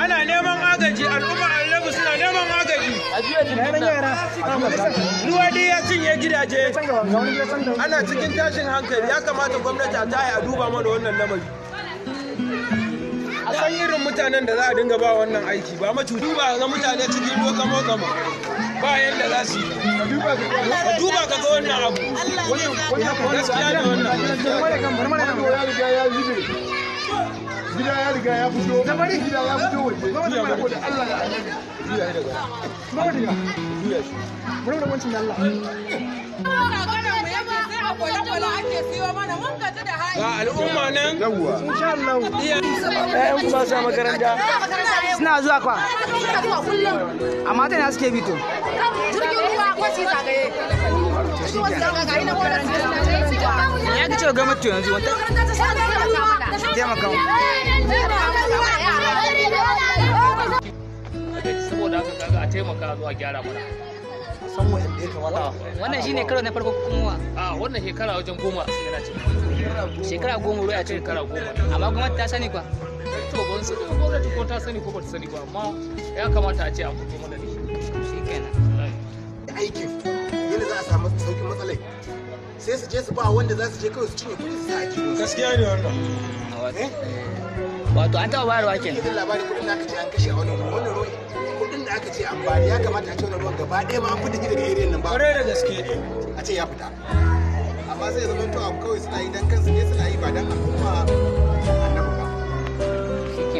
ana neman agaji al'umma annabi suna neman agaji ruwa dai ya cinye gidaje ana cikin tashin hankali ya kamata gwamnati a tayi a duba mana wannan lamari a san irin mutanen da za a dinga ba wannan aiki ba macutu ba ga mutane cikin moka kama ba yadda za su yi ka duba ka ga wannan abu gaskiya da wannan gida ya riga ya fito da bari gida ya fito waje zuya bari Allah da annabi zuya ya daga mama diga zuya shi mun da wancin Allah ga al'umma nan yawwa insha Allah iyayen ku ba su makaranta suna zuwa kwa amma ta suke bito jirgin ruwa kwashi zagaye ya ki cewa gwamnati yanzu wata taimaka mu saboda a taimaka karo na farko kuma a wannan shekara wajen goma shekara goma ruwa a shekara goma amma ta sani ba to gwamnati ko ta sani ko ba ta sani ba amma ya kamata a ce fito mana da shi dole sai su je su ba wanda za su je kawai su cinye kudi su sake a gaskiya ne wannan eh? wato an taɓa bayarwa ke ne labarin kudin da aka ce an kashe a wani wani ruwan kudin da aka ce an bari ya kamata a ce wani ruwan gaba ɗaya ma an fita da iri nan ba ƙwarai da gaske a ce ya fita amma sai zama to abu kawai suna yi dan kansu ne suna yi ba dan al'umma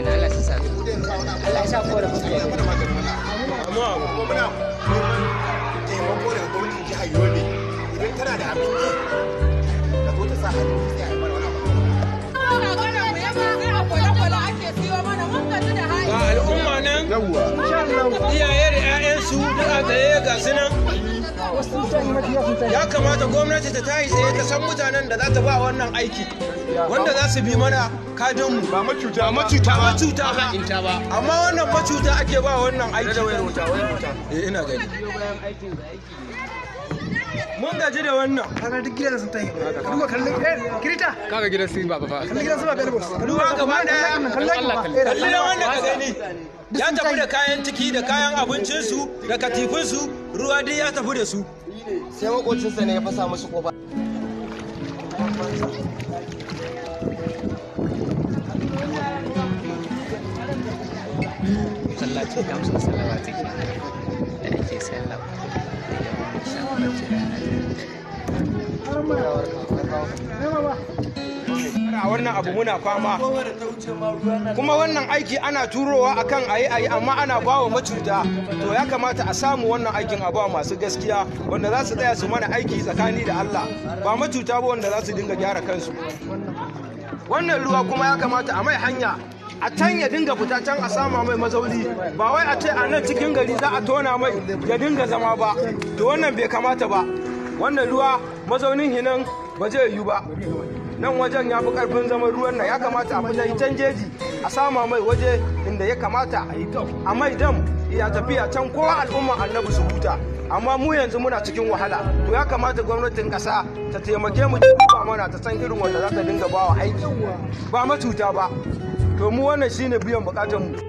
Allah ya sa Allah ya sa kore ku ne amma tana da abin ka ga al'umma nan iyaye da 'ya'yansu a ga su ya kamata gwamnati ta tayi tsaye ta san mutanen da za ta ba wannan aiki wanda za su bi mana kadinmu ba macuta ba macuta ba macuta ba amma wannan macuta ake ba wannan aiki eh ina gani mun gaji da wannan kaga duk gidan sun tayi duba kallon eh, kirita kaga gidan sun ba ba kallon gidan sun ba gaba da kallon wannan ka gani ya tafi da kayan ciki da kayan abincinsu da katifinsu ruwa dai ya tafi da su sai makocinsa ne ya fasa musu kofa sallaci gamsu sallaci da ake sallah 哎，来吧，来吧。wannan abu muna fama kuma wannan aiki ana turowa akan ayi ayi amma ana bawa macuta to ya kamata a samu wannan aikin a ba masu gaskiya wanda za su tsaya su mana aiki tsakani da Allah ba macuta ba wanda za su dinga gyara kansu wannan ruwa kuma ya kamata a mai hanya a can ya dinga fita can a sama mai mazauni ba wai a ce a nan cikin gari za a tona mai ya dinga zama ba to wannan bai kamata ba wannan ruwa mazaunin hinan ba zai yiwu ba nan wajen ya fi karfin zaman ruwan nan ya kamata a fita can jeji a sama mai waje inda ya kamata a yi a mai dam ya tafiya can kowa al'umma annabi su huta amma mu yanzu muna cikin wahala to ya kamata gwamnatin kasa ta taimake mu ta mana ta san irin wanda za ta dinga ba wa aiki ba matuta ba to mu wannan shine biyan bukatar mu